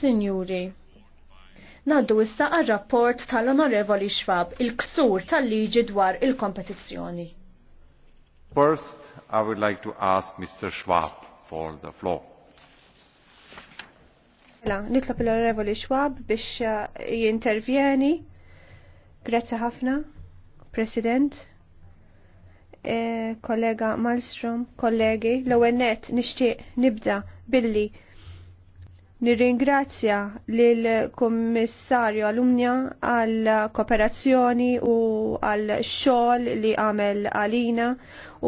Sinjuri, naddu issa għal-rapport tal-Onorevoli Schwab il-ksur tal-liġi dwar il-kompetizzjoni. First, I would like to ask Mr. Schwab for the floor. Mela, nitlob l-Onorevoli Schwab biex uh, jintervjeni. Grazzi ħafna, President, e, kollega Malmstrom, kollegi, l-ewwel nett nixtieq nibda billi Nirringrazzja lil kummissarju Alumnia għal kooperazzjoni u għal xogħol li għamel għalina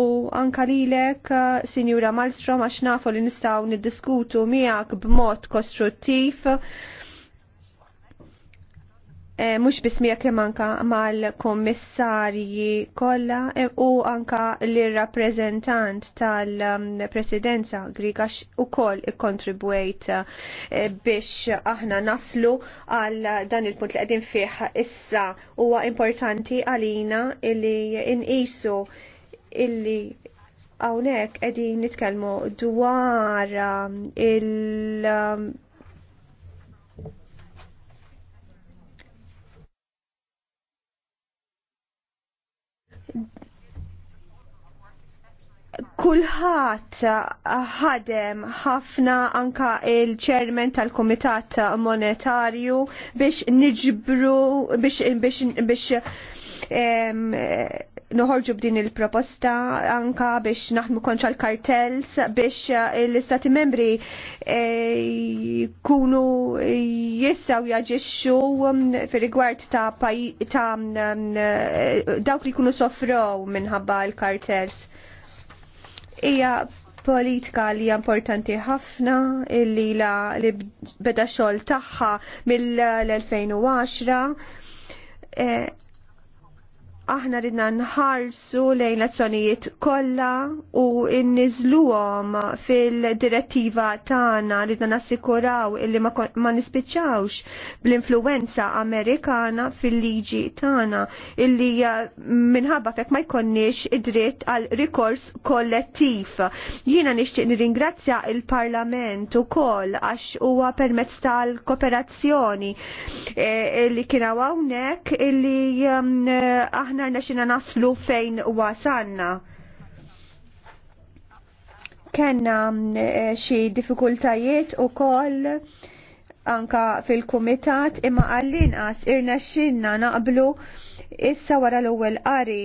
u anka lilek Sinjura Malstrom għax nafu li nistgħu niddiskutu miegħek b'mod kostruttiv Eh, mux bismija kem anka mal-kommissarji kolla eh, u anka li rappresentant tal-presidenza Griga u koll kontribuajt eh, biex aħna naslu għal dan il-punt li għedin fih issa huwa importanti għalina illi inqisu illi għawnek għedin nitkelmu dwar um, il- um, kulħat ħadem ħafna anka il-ċermen tal-Komitat Monetarju biex niġbru biex biex biex noħorġu b'din il-proposta anka biex naħdmu kontra l-kartels biex eh, l-istati membri eh, kunu eh, jissaw jaġixxu um, fir-rigward ta' um, dawk li kunu sofrow minħabba l-kartels. Ija politika li importanti ħafna illi la li beda xogħol tagħha mill-2010 aħna ridna nħarsu lejn l-azzjonijiet kollha u nniżluhom fil-direttiva tagħna ridna nassikuraw illi ma nispiċċawx bl-influenza Amerikana fil-liġi tagħna illi minħabba fek ma jkonniex id-dritt għal rikors kollettiv. Jiena nixtieq nirringrazzja il-Parlament ukoll għax huwa permezz tal-kooperazzjoni eh, illi li kien hawnhekk illi mm, eh, aħna aħna xina naslu fejn wasanna Kenna eh, xi diffikultajiet u koll anka fil-kumitat imma għall-inqas irna xinna naqblu issa wara l-ewwel qari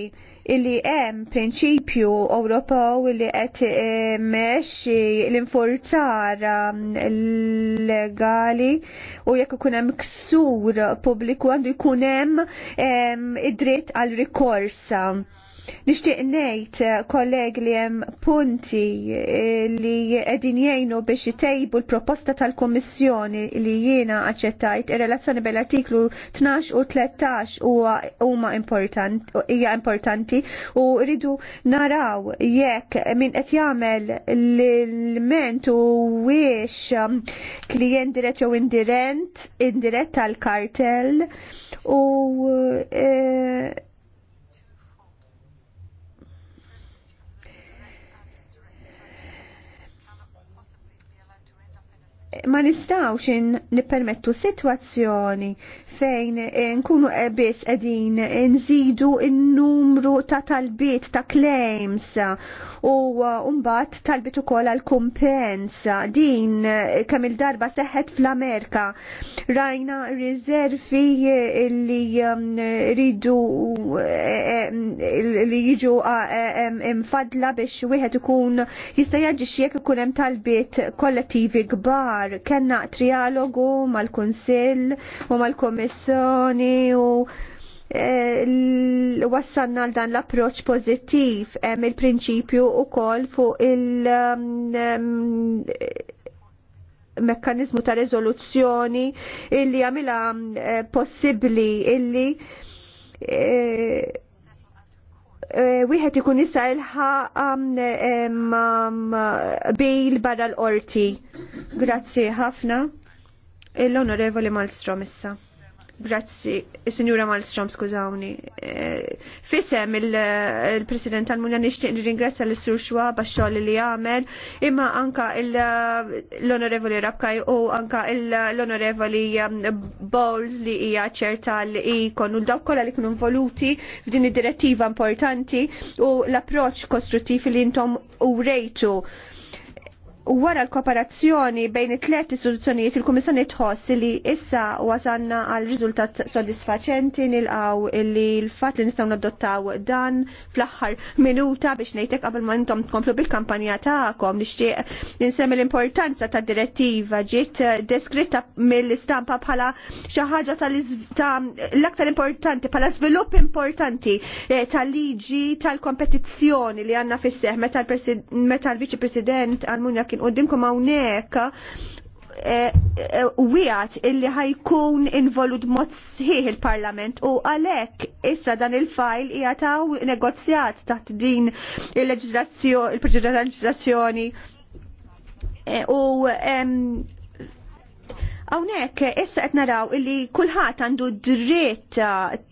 illi hemm prinċipju Ewropew illi qed eh, meċi l-infurzar mm, legali u jekk ikun hemm ksur pubbliku għandu jkun hemm id-dritt għal rikorsa. Nishtiq nejt eh, kolleg li hemm punti eh, li qegħdin jgħinu biex jitejbu l-proposta tal komissjoni li jiena aċċettajt ir-relazzjoni bel-artiklu 12 u 13 huwa huma importanti hija importanti u rridu naraw jekk min qed jagħmel l-ment u wiex eh, klient dirett jew indirett indirett tal-kartell u ma nistawx nippermettu situazzjoni fejn eh, nkunu eh, biss qegħdin nżidu n-numru ta' talbiet ta' claims u eh, mbagħad talbiet ukoll għal kumpensa din kemm il-darba seħħet fl-Amerika rajna riservi li mm, ridu mm, li jiġu mfadla mm, biex wieħed ikun jista' jaġġix talbiet kollettivi kbar fl-aħħar trialogu mal-Kunsill u mal komissjoni u e, wassanna l dan l-approċ pozittiv hemm il-prinċipju kol fuq il- um, mekkanizmu ta' rezoluzzjoni illi għamila possibbli illi e, Eh, wieħed ikun jista' jilħaq um, um, bejl barra l-qorti. Grazzi ħafna. L-Onorevoli Malstrom issa. Grazzi, signora Malstrom, skużawni. E, fisem il-President tal-Munja nishtiq ringrazzja l-Sur Schwab għax li għamel, imma anka l-Onorevoli Rabkaj u anka l-Onorevoli um, Bowles li hija ċerta li ikon u dawk kollha li kienu involuti f'din id-direttiva importanti u l-approċċ kostruttiv li intom u rejtu wara l-kooperazzjoni bejn it-tlet istituzzjonijiet il-Kummissjoni tħoss li issa wasanna għal riżultat sodisfaċenti nilqaw li l-fatt li nistgħu nadottaw dan fl-aħħar minuta biex ngħidlek qabel ma intom tkomplu bil-kampanja tagħkom nixtieq insemmi l-importanza ta' direttiva ġiet deskritta mill-istampa bħala xi ħaġa tal-aktar importanti bħala żvilupp importanti eh, tal-liġi tal-kompetizzjoni li għandna fis-seħ meta l-Viċi President għal-Munja kien qoddimkom hawnhekk eh, eh, wieħed illi ħajkun involut mod sħiħ il-parlament u għalek issa dan il-fajl jgħataw negozjat taħt din il-leġizlazzjoni il-proġedda eh, u Hawnhekk issa qed naraw illi kulħadd għandu dritt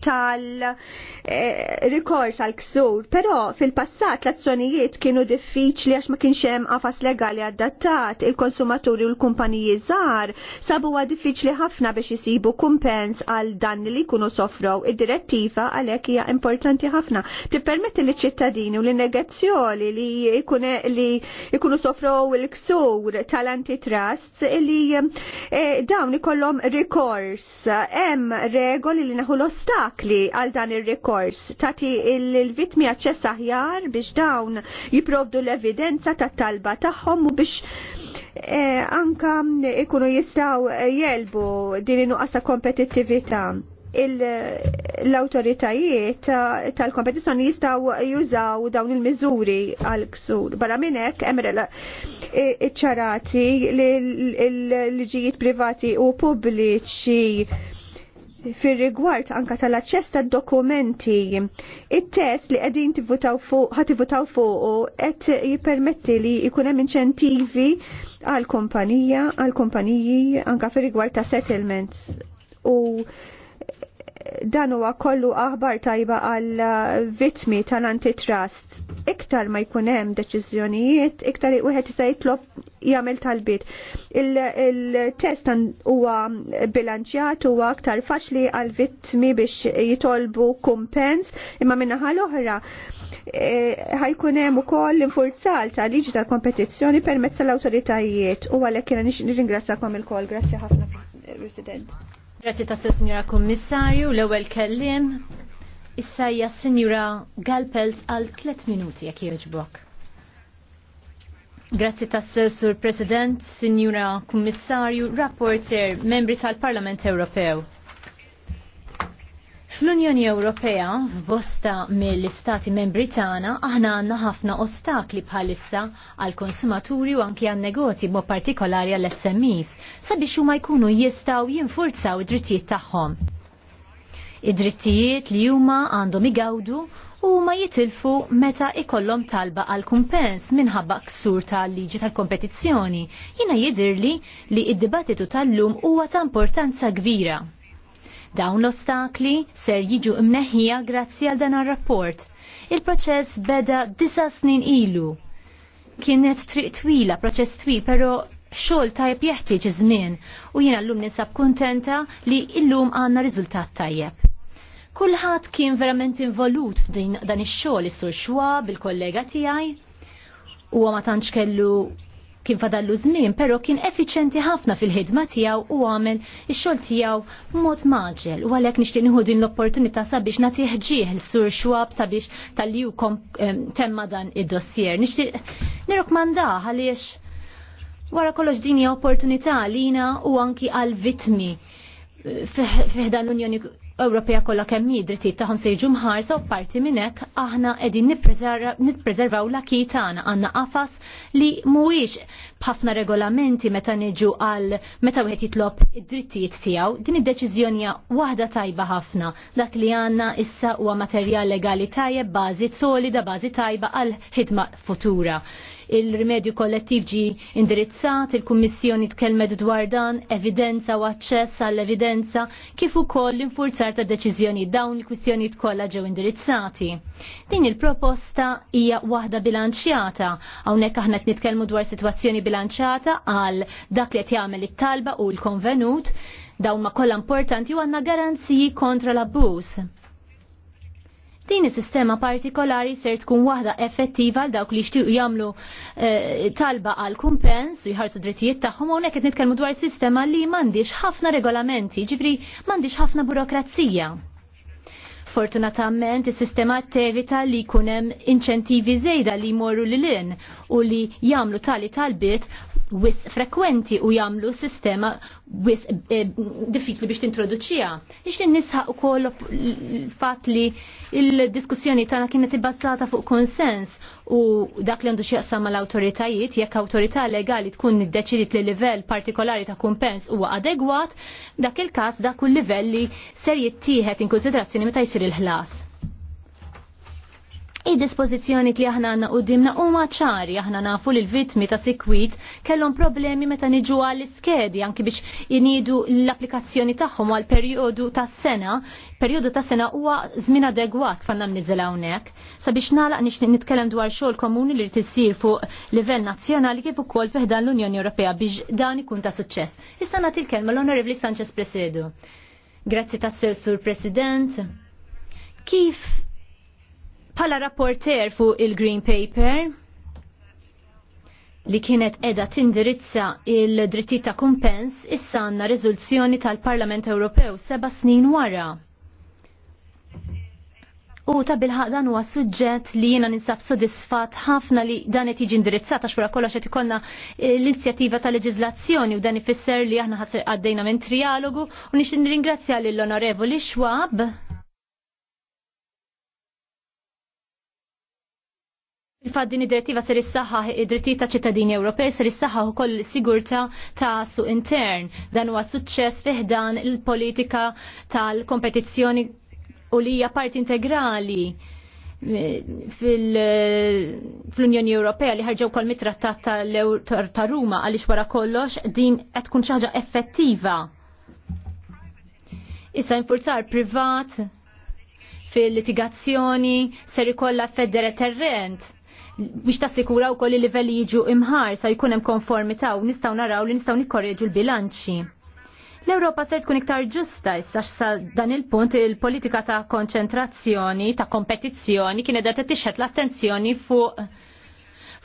tal-rikors eh, għal ksur, però fil-passat l-azzjonijiet kienu diffiċli għax ma kienx hemm qafas legali adattat, il-konsumaturi u l-kumpaniji żgħar sabuha diffiċli ħafna biex isibu kumpens għal dan li jkunu sofrow. Id-direttiva għalhekk hija importanti ħafna. Tippermetti li ċittadini u li negazzjoni li jkunu sofrow il-ksur tal-antitrust li dawn ikollhom rikors. Hemm regoli li naħu l-ostakli għal dan ir-rikors. Tati il-vitmi aċċess aħjar biex dawn jiprovdu l-evidenza tat-talba tagħhom u biex eh, anka ikunu jistaw jelbu din nuqqas ta' kompetittività l-autoritajiet tal-kompetizjoni jistaw jużaw dawn il-miżuri għal-ksur. Barra minnek, emrela, ċarati l-liġijiet privati u pubbliċi fir rigward anka tal-aċċess tad-dokumenti. It-test li qegħdin tivvutaw fuq ħativvutaw fuq jippermetti li jkun hemm inċentivi għall kumpanija għall kumpaniji anka fir rigward ta' settlements. U dan huwa kollu aħbar tajba għal uh, vitmi tal-antitrust. Iktar ma jkun hemm deċiżjonijiet, iktar wieħed jista' jitlob jagħmel talbiet. Il-test huwa bilanċjat huwa aktar faċli għal vittmi biex jitolbu kumpens, imma minnaħa l-oħra e, ħajkun hemm ukoll l-infurzal ta' liġi tal-kompetizzjoni permezz tal-awtoritajiet u għalhekk jiena nirringrazzakom il-kol. Grazzi ħafna, President. Grazie ta' signora Kommissarju, l-ewel kellim. Issa hija signora Galpels għal 3 minuti jekk jogħġbok. Grazzi tas Sur President, Signora commissario, Rapporter, Membri tal-Parlament Europeo. Fl-Unjoni Ewropea, bosta mill-Istati Membri tagħna, aħna għandna ħafna ostakli bħalissa għal konsumaturi u anki għan negozji bo partikolari għall smis sabiex huma jkunu jistgħu jinfurzaw id-drittijiet tagħhom. Id-drittijiet li huma għandhom igawdu u ma jitilfu meta ikollhom talba għal kumpens minħabba ksur tal-liġi tal-kompetizzjoni. Jina jidirli li id-dibattitu tal-lum huwa ta' importanza kbira Dawn l-ostakli ser jiġu imneħija grazzi għal dan ar-rapport. Il-proċess beda disa snin ilu. Kienet triq twila, proċess twil, pero xogħol tajb jeħtieġ żmien u jiena llum ninsab kuntenta li llum għandna riżultat tajjeb. Kulħadd kien verament involut f'din dan ix-xogħol is-sur Schwab, il-kollega tiegħi, huwa ma tantx kellu kien fadallu żmien, però kien effiċenti ħafna fil-ħidma tiegħu u għamel ix-xogħol tiegħu mod maġel. U għalhekk nixtieq nieħu din l-opportunità sabiex nagħtih ġieħ sur xwab sabiex tal-li temma dan id-dossier. Nixtieq nirokmandah għaliex wara kollox din hija opportunità lina u anki għal vitmi fiħdan l-Unjoni Ewropea kollha kemm drittijiet tagħhom se jiġu mħarsa u parti minn hekk aħna qegħdin nippreservaw l-aki tagħna għandna qafas li mhuwiex b'ħafna regolamenti meta niġu għal meta wieħed jitlob id-drittijiet tiegħu. Din id-deċiżjoni hija waħda tajba ħafna. Dak li għandna issa huwa materjal legali tajjeb bażi solida, bażi tajba għal ħidma futura il-rimedju kollettiv ġi indirizzat, il-Kummissjoni tkellmet dwar dan, evidenza u aċċess għall-evidenza kif ukoll l-infurzar ta' deċiżjoni dawn il-kwistjoni kollha ġew indirizzati. Din il-proposta hija waħda bilanċjata, hawnhekk aħna qed nitkellmu dwar sitwazzjoni bilanċjata għal dak li qed jagħmel it-talba u l-konvenut dawn ma kollha importanti u għandna garanziji kontra l-abbuż Din is-sistema partikolari ser tkun waħda effettiva għal dawk li jixtiequ jagħmlu eh, talba għal kumpens u jħarsu drittijiet tagħhom hawnhekk qed nitkellmu dwar sistema li m'għandix ħafna regolamenti, ġifri m'għandix ħafna burokrazija. Fortunatament is-sistema tevita li kunem inċentivi zejda li jmorru li lin u li jamlu tali talbiet wis frekwenti u jamlu sistema wis e, diffikli biex tintroduċija. Ixtin nisħaq u koll fat li il-diskussjoni tana kienet ibbazzata fuq konsens u dak li għandu xieqsam mal autoritajiet jekk autorità legali tkun iddeċidit li livell partikolari ta' kumpens huwa adegwat, dak il-każ dak kull livell li ser jittieħed in konsiderazzjoni meta jsir il-ħlas il dispożizzjoni li aħna għandna dimna huma ċari aħna nafu li l-vittmi ta' sikwit kellhom problemi meta niġu għall iskedi anki biex jinidu l-applikazzjoni tagħhom għal perjodu ta' sena, perjodu ta' sena huwa żmien adegwat fanna mniżel hawnhekk. Sabiex nagħlaq nixtieq nitkellem dwar xogħol komuni li tisir fuq livell nazzjonali kif ukoll fiħdan l-Unjoni Ewropea biex dan ikun ta' suċċess. Issa nagħti l onorevli Sanchez Presedu. Grazzi tassew, Sur President. Kif Pala rapporter fuq il-Green Paper li kienet edha tindirizza il-dritti ta' kumpens issa għanna rezoluzzjoni tal-Parlament Ewropew seba' snin wara. U ta' bilħaq dan huwa suġġett li jiena ninsab sodisfat ħafna li dan qed jiġi indirizzat għax wara kollox qed ikollna eh, l-inzjattiva ta' leġiżlazzjoni u dan ifisser li aħna għaddejna minn trialogu u nix nirringrazzja lill-Onorevoli Schwab Infad din id-direttiva ser issaħħa id-drittijiet ta' ċittadini Ewropej ser issaħħa ukoll sigurta ta' su intern. Dan huwa suċċess fiħdan il-politika tal-kompetizzjoni u li hija parti integrali fil-Unjoni Ewropea li ħarġew kol trattat ta' Ruma għaliex wara kollox din qed tkun xi ħaġa effettiva. Issa infurzar privat fil-litigazzjoni ser ikollha federe terrent biex tassikuraw koll li livelli jiġu imħar sa jkun hemm konformità u nistgħu naraw li nistgħu nikkorreġu l-bilanċi. L-Ewropa ser tkun iktar ġusta issa sa dan il-punt il-politika ta' konċentrazzjoni, ta' kompetizzjoni kienet qed tixħed l-attenzjoni fuq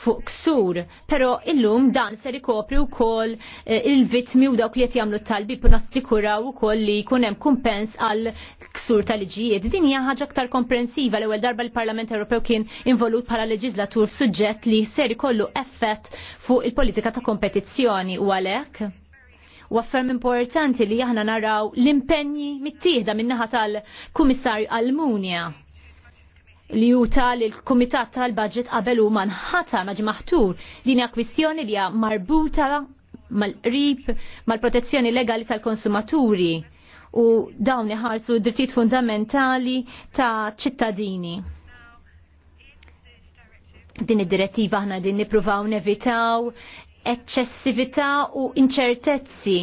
fuq ksur, pero illum dan ser ikopri wkoll eh, il-vitmi u dawk li qed jagħmlu talbi u kol ukoll li jkun hemm kumpens għal ksur tal-liġijiet. Din hija ħaġa aktar komprensiva l-ewwel darba l-Parlament Ewropew kien involut bħala leġislatur suġġett li ser ikollu effett fuq il-politika ta' kompetizzjoni u għalhekk u għaffem importanti li aħna naraw l-impenji mittieħda minnaħa tal-Kummissarju Almunja li juta li l-Komitat tal-Budget qabel u manħata maġi maħtur din hija kwistjoni li hija marbuta mal-qrib mal-protezzjoni legali tal-konsumaturi u dawn iħarsu drittijiet fundamentali ta' ċittadini. Din id-direttiva aħna din nippruvaw nevitaw eċċessività u inċertezzi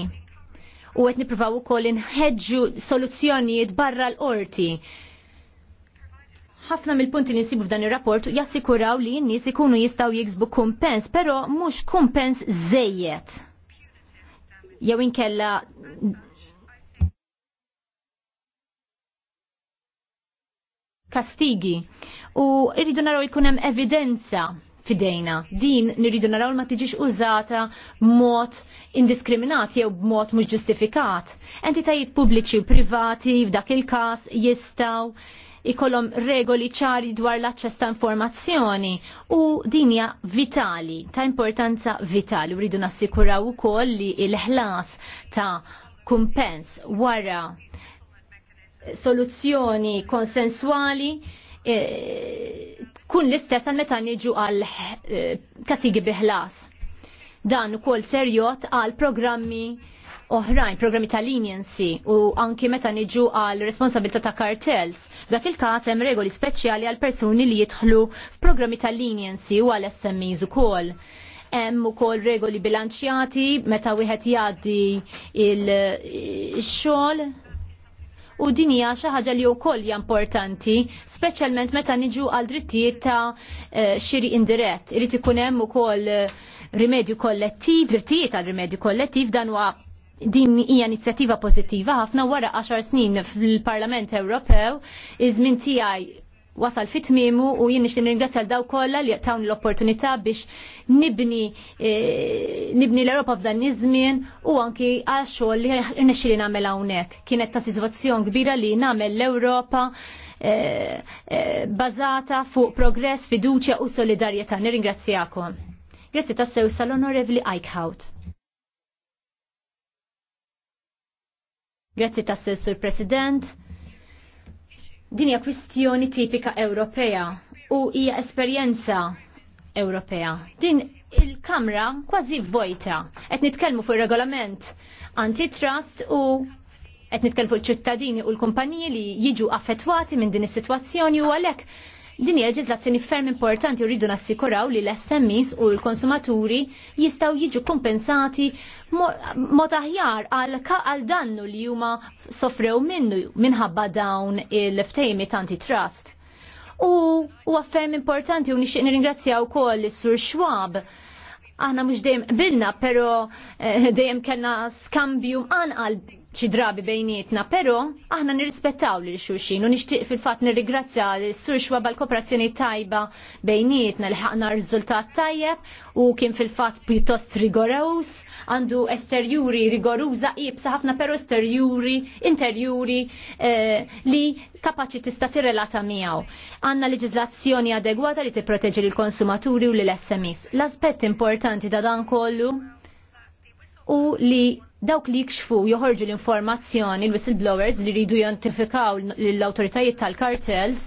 u qed nippruvaw ukoll inħeġġu soluzzjonijiet barra l-qorti ħafna mill-punti li nsibu f'dan ir-rapport jassikuraw li n-nies ikunu jistgħu jiksbu kumpens, però mhux kumpens żejjed. Jew inkella kastigi. U irridu naraw jkun hemm evidenza fidejna. Din nirridu naraw ma tiġix użata mod indiskriminat jew b'mod mhux ġustifikat. Entitajiet pubbliċi u privati f'dak il-każ jistgħu ikollhom regoli ċari dwar l-aċċess ta' informazzjoni u dinja vitali, ta' importanza vitali. Uridu nassikuraw ukoll li l ħlas ta' kumpens wara soluzzjoni konsensuali E, kun l-istess għal meta niġu għal e, kasigi biħlas. Dan ukoll serjot għal programmi oħrajn, programmi tal-leniency u anki meta niġu għal responsabilità ta' kartels. Dak il-każ hemm regoli speċjali għal persuni li jidħlu f'programmi tal-leniency u għal SMEs ukoll. Hemm ukoll regoli bilanċjati meta wieħed jgħaddi il-xogħol u din hija xi ħaġa li wkoll hija importanti, speċjalment meta niġu għal drittijiet ta' eh, xiri indirett. Irid ikun hemm ukoll eh, rimedju kollettiv, drittijiet għal rimedju kollettiv dan huwa din hija inizjattiva pożittiva ħafna wara 10 snin fil-Parlament Ewropew iż-żmien tiegħi wasal fit mimu u jien nixtim ringrazzja l-daw kollha li jattawni l-opportunità biex nibni eh, nibni l europa f'dan iż-żmien u anki għal xogħol li rnexxieli nagħmel hawnhekk. Kienet ta' sitwazzjon kbira li nagħmel l-Ewropa eh, eh, bazata fuq progress, fiduċja u solidarjetà. Nirringrazzjakom. Grazzi sew sal-Onorevli Eichhout. Grazzi sew Sur President. Din hija kwistjoni tipika Ewropea u hija esperjenza Ewropea. Din il-Kamra kważi vojta qed nitkellmu fuq ir-regolament antitrust u qed nitkellmu fuq ċittadini u l-kumpaniji li jiġu affettwati minn din is-sitwazzjoni u għalhekk Din hija leġiżlazzjoni ferm importanti rridu nassikuraw li l-SMEs u l-konsumaturi jistgħu jiġu kompensati mod aħjar għal dannu li huma sofrew minnu minħabba dawn il-ftejmi tanti trust. U huwa ferm importanti u nixtieq nirringrazzjaw ukoll is-Sur Schwab aħna mhux dejjem bilna, però eh, dejjem kellna skambju anqal ċi drabi bejnietna, però aħna nirrispettaw lil xuxin u nixtieq fil-fatt nirrigrazzja l s-surxwa bal kooperazzjoni tajba bejnietna li ħaqna riżultat tajjeb u kien fil-fatt pjuttost rigoros, għandu esterjuri rigoruża iebsa ħafna pero esterjuri, interjuri eh, li kapaċi tista' tirrelata miegħu. Għandna leġiżlazzjoni adegwata li tipproteġi lill-konsumaturi u lill sms L-aspett importanti da dan kollu u li dawk li jikxfu joħorġu l-informazzjoni l-whistleblowers li ridu jantifikaw l-autoritajiet tal-kartels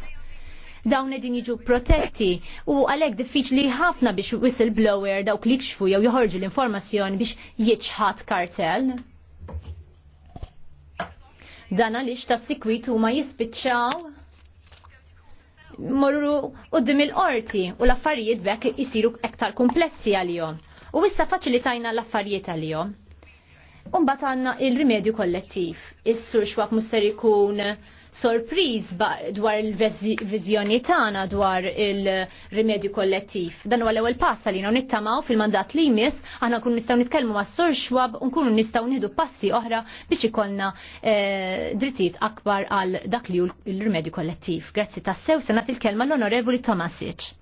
dawn edin jiġu protetti u għalek diffiċli ħafna biex whistleblower dawk li jikxfu jew joħorġu l-informazzjoni biex jieċħat kartel. Dan għaliex ta' sikwit huma jispiċċaw morru qudiem il-qorti u l-affarijiet bekk isiru ektar komplessi għalihom. U issa faċilitajna l-affarijiet għalihom Umbat għanna il-rimedju kollettiv. Is-sur xwab muster ikun sorpriz dwar il-vizjoni tagħna dwar il-rimedju kollettiv. Dan huwa l-ewwel pass non u nittamaw fil-mandat li jmiss aħna kun nistgħu nitkellmu ma' sur xwab u nkunu nistgħu passi oħra biex ikollna eh, drittijiet akbar għal dak li hu l-rimedju kollettiv. Grazzi tassew se nagħti il-kelma l-Onorevoli Tomasic.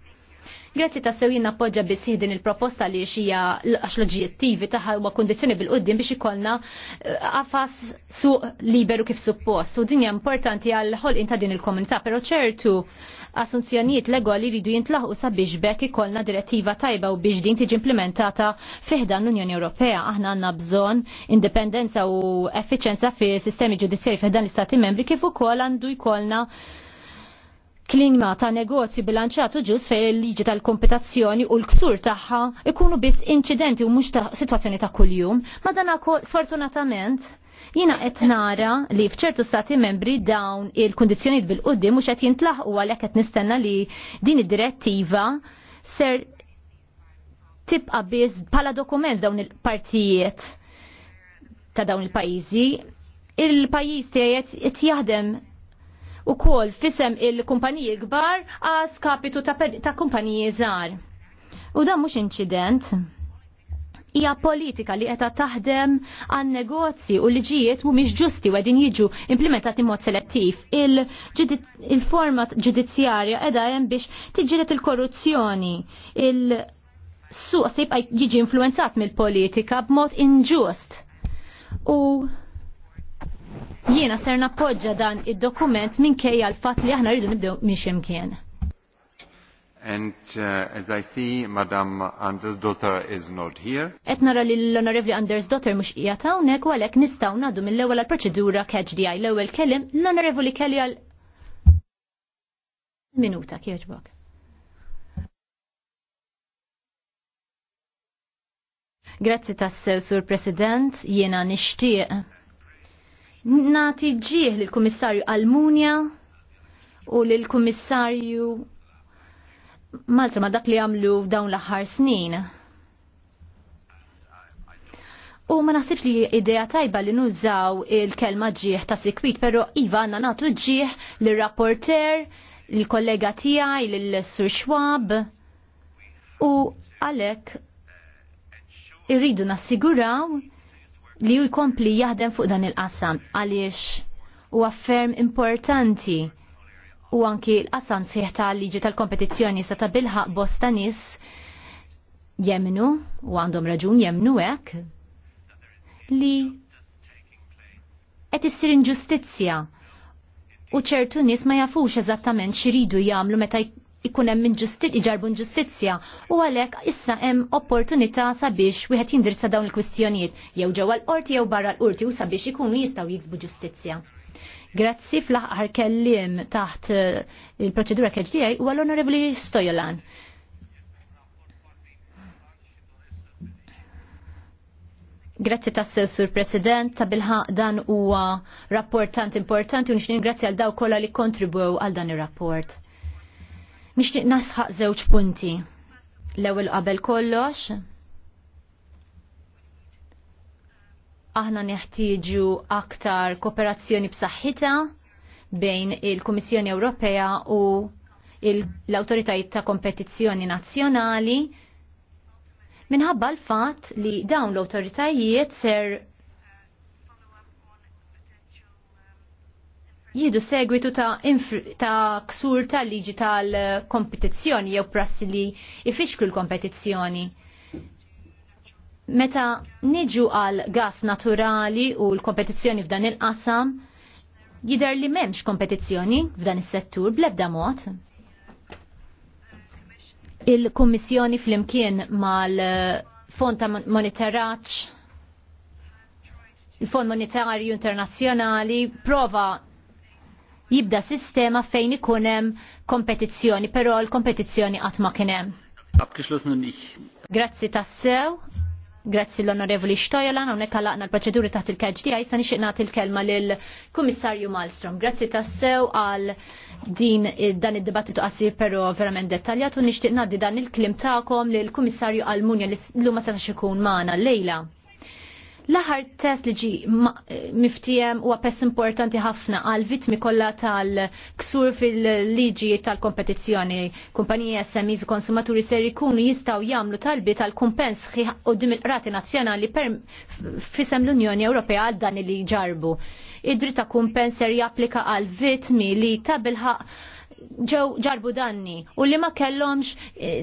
Grazzi ta' sewin appoġġa biss din il-proposta li xija l-axloġijettivi taħħa huwa kundizzjoni bil-qoddim biex ikollna għafas eh, su liberu kif suppost. U din hija importanti għal ħol ta' din il-komunità, però ċertu assunzjonijiet legali jridu jintlaħqu sabiex bekk ikollna direttiva tajba u biex din tiġi implementata fiħdan l-Unjoni Ewropea. Aħna għandna bżonn indipendenza u effiċenza fi sistemi ġudizzjari fiħdan l-Istati membri kif ukoll għandu jkollna klima ta' negozju bilanċatu ġus fej il-liġi tal-kompetazzjoni u l-ksur tagħha ikunu biss incidenti u mhux ta' sitwazzjoni ta' kuljum. Ma dan sfortunatament jina qed nara li f'ċertu stati membri dawn il-kundizzjonijiet bil-qudiem mhux qed u għalhekk qed nistenna li din id-direttiva ser tibqa' biss bħala dokument dawn il-partijiet ta' dawn il-pajjiżi il-pajjiż tijajet qed jaħdem u kol fisem il-kumpaniji gbar għas kapitu ta', ta kumpaniji zar. U dan mux incident Hija politika li qed taħdem għan negozji u liġijiet mhumiex ġusti u għedin jiġu implementati mod selettiv. Il-format il ġudizzjarja qiegħda hemm biex tiġġieled il-korruzzjoni, il-suq se jiġi influenzat mill-politika b'mod inġust. U Jiena ser nappoġġa dan id-dokument minkejja l-fatt li aħna rridu nibdew minn xemkien. And uh, as I see, Madam Anders Dotter is not here. Et nara li l-Onorevli Anders Dotter mux ija tawnek, u għalek nistaw nadu mill-ewel għal-proċedura KHDI l-ewel kelim l-Onorevli kelli għal minuta kieġbok. Grazzi tassew, Sur President, jiena nishtiq Nati ġieħ lill-Kummissarju Almunja u lill-Kummissarju Malta ma dak li għamlu dawn l-aħħar snin. U ma naħsibx li idea tajba li nużaw il-kelma ġieħ ta' sikwit, pero Iva għanna natu ġieħ l-rapporter, l-kollega tijaj, l-sur Schwab. U għalek irridu nassiguraw li ju jkompli jaħdem fuq dan il-qasam għaliex u afferm importanti u anki l-qasam sieħ liġi tal-kompetizzjoni sa tabilħa bosta nis jemnu u għandhom raġun jemnu hekk li qed issir inġustizzja u ċertu nies ma jafux eżattament xiridu jagħmlu meta ikun hemm iġarbu ġustizzja u għalhekk issa hemm opportunità sabiex wieħed jindirizza dawn il-kwistjonijiet jew ġewwa l-qorti jew barra l-qorti u sabiex ikunu jistgħu jiksbu ġustizzja. Grazzi fl-aħħar kellim taħt eh, il-proċedura KHDA u għall-Onorevoli Stojolan. Grazzi tassew, Sur President, ta' bilħa dan huwa rapportant importanti u nix grazzi għal daw kolla li kontribuw għal dan ir rapport Nixtieq nasħaq żewġ punti. L-ewwel qabel kollox, aħna neħtieġu aktar kooperazzjoni b'saħħitha bejn il-Kummissjoni Ewropea u l awtoritajiet ta' kompetizzjoni nazzjonali minħabba l-fatt li dawn l awtoritajiet ser jihdu segwitu ta', ta ksur tal-liġi tal-kompetizzjoni jew prassi li ifixku l-kompetizzjoni. Meta niġu għal gas naturali u l-kompetizzjoni f'dan il-qasam, jider li memx kompetizzjoni f'dan is-settur bl-ebda mod. Il-Kummissjoni fl-imkien mal-Fond ta' Monitoraċ il-Fond Monetarju Internazzjonali prova jibda sistema fejn ikun hemm kompetizzjoni, però l-kompetizzjoni qatt ma kien hemm. Grazzi tassew, grazzi l-Onorevoli Stojalan, hawnhekk għalaqna l-proċeduri taħt il-keġ tiegħi sa nixtieq nagħti l-kelma lill-Kummissarju Malmstrom. Grazzi tassew għal din dan id-dibattitu qasir però verament dettaljat u nixtieq ngħaddi dan il-klim tagħkom lill-Kummissarju Almunja li l-lum ma setax maħna magħna lejla. L-aħar test li ġi miftijem huwa pess importanti ħafna għal vitmi kollha tal-ksur fil-liġi tal-kompetizzjoni. Kumpaniji SMEs u konsumaturi ser ikunu jistgħu jagħmlu talbi tal-kumpens qudiem il rati nazzjonali per fisem l-Unjoni Ewropea għal dan li ġarbu. Id-dritt ta' kumpens ser japplika għal vitmi li ta' ġarbu danni u li ma kellhomx eh,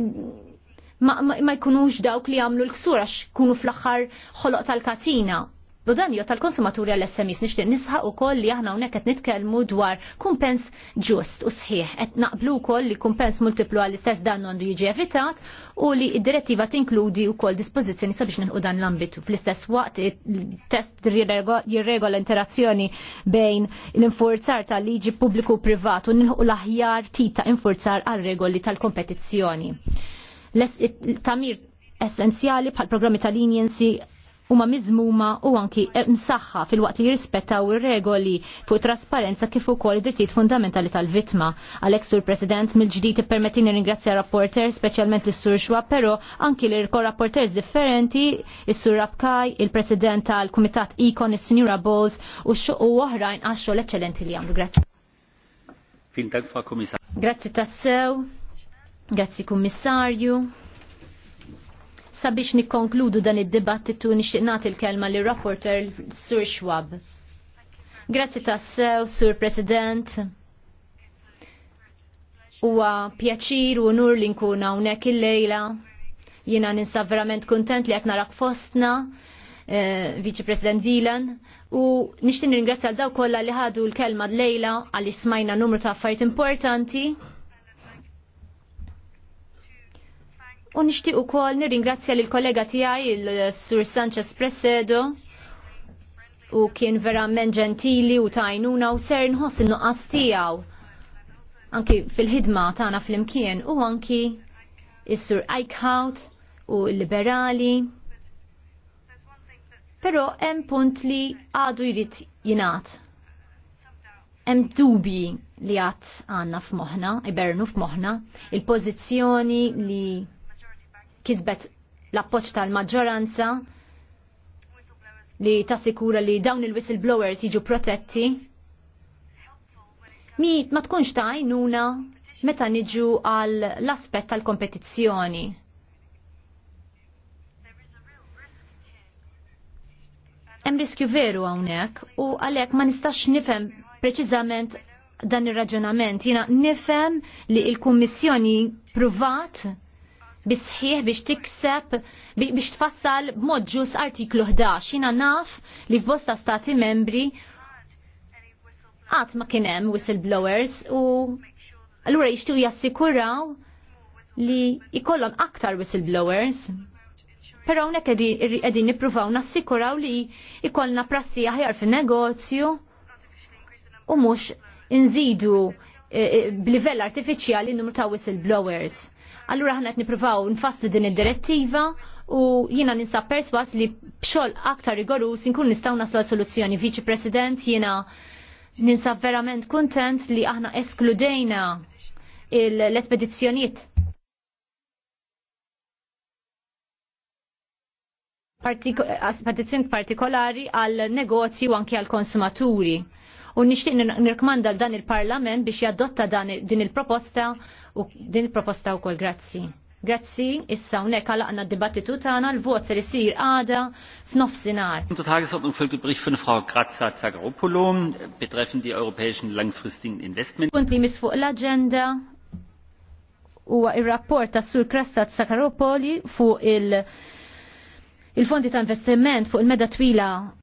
ma, ma, ma jkunux dawk li għamlu l-ksur għax kunu fl-axħar ħoloq tal-katina. U dan jo tal-konsumaturi għall-SMIs nixtieq nisħaq ukoll li aħna hawnhekk qed nitkellmu dwar kumpens ġust u sħiħ. Qed naqblu wkoll li kumpens multiplu għall-istess dan għandu jiġi evitat u li d-direttiva tinkludi wkoll dispożizzjoni sabiex nilqu dan l-ambitu. Fl-istess waqt test jirregola interazzjoni bejn l-infurzar tal-liġi pubbliku u privat u nħu l-aħjar tip ta' infurzar għal regoli tal-kompetizzjoni tamir essenzjali bħal programmi tal-leniency huma miżmuma u anki msaħħa fil-waqt li jirrispettaw ir-regoli fuq trasparenza kif ukoll id-drittijiet fundamentali tal-vittma. Għalhekk sur President mill-ġdid ippermettini ringrazzja rapporter speċjalment lis sur Xwa, però anki l rapporters differenti, is-sur Rabkaj, il-President tal-Kumitat Icon, is-Sinjura Bowles u u oħrajn għax eċċellenti li għamlu. Grazzi. Fin Grazzi tassew. Grazzi kummissarju. Sabiex nikkonkludu dan id-dibattitu nixtieq nagħti l-kelma lir rapporter Sur Schwab. Grazzi tassew, Sur President. Huwa pjaċir u nur li nkun hawnhekk illejla. Jiena ninsa verament kuntent li qed narak fostna. Eh, Viċi President Vilan u nixtieq ringrazzja għal daw kollha li ħadu l-kelma llejla lejla għal smajna numru ta' affarijiet importanti U nixtieq ukoll nirringrazzja lill kollega tiegħi il-Sur Sanchez Presedo u kien verament ġentili u tajnuna u ser nħoss in-nuqqas tiegħu anki fil-ħidma tagħna fl-imkien u anki is-Sur Eichhout u l-Liberali. Però hemm punt li għadu jrid jingħat. Hemm dubji li għad għandna f'moħħna, ibernu f'moħħna, il-pożizzjoni li kisbet l-appoċ tal-maġġoranza li sikura li dawn il-whistleblowers jiġu protetti. Mi ma tkunx ta' għajnuna meta niġu għal l-aspett tal-kompetizzjoni. Hemm riskju veru hawnhekk u għalhekk ma nistax nifhem preċiżament dan ir-raġunament. Jiena nifhem li l-Kummissjoni pruvat bisħieħ biex tikseb biex tfassal b'mod ġus artiklu 11. Jina naf li f'bosta stati membri għat ma kienem whistleblowers u allura jishtu jassikuraw li ikollon aktar whistleblowers. Pero unek edin niprufaw nassikuraw li ikollna prassi aħjar fin negozju u mux nżidu eh, eh, b'livell artifiċjali numru ta' whistleblowers. Allura aħna qed nippruvaw nfasslu din id-direttiva u jiena ninsab perswas li b'xogħol aktar rigorus inkun nistgħu naslu soluzzjoni. Viċi President jiena ninsab verament kuntent li aħna eskludejna l-espedizzjonijiet Partik partikolari għal negozju anki għal konsumaturi u nixtieq nirkmanda l dan il-Parlament biex jadotta dan din il-proposta u din il-proposta u kol grazzi. Grazzi, issa unek għalaqna d-dibattitu tana l-vot ser isir għada f'nofsinhar. Unter Tagesordnung folgt der Bericht fin Frau Grazza Zagropolo betreffend di europäischen langfristigen Investment. Punt li misfuq l-agenda u il rapport tas Sur Krasta Zagaropoli fuq il- il-fondi ta' investiment fuq il-meda twila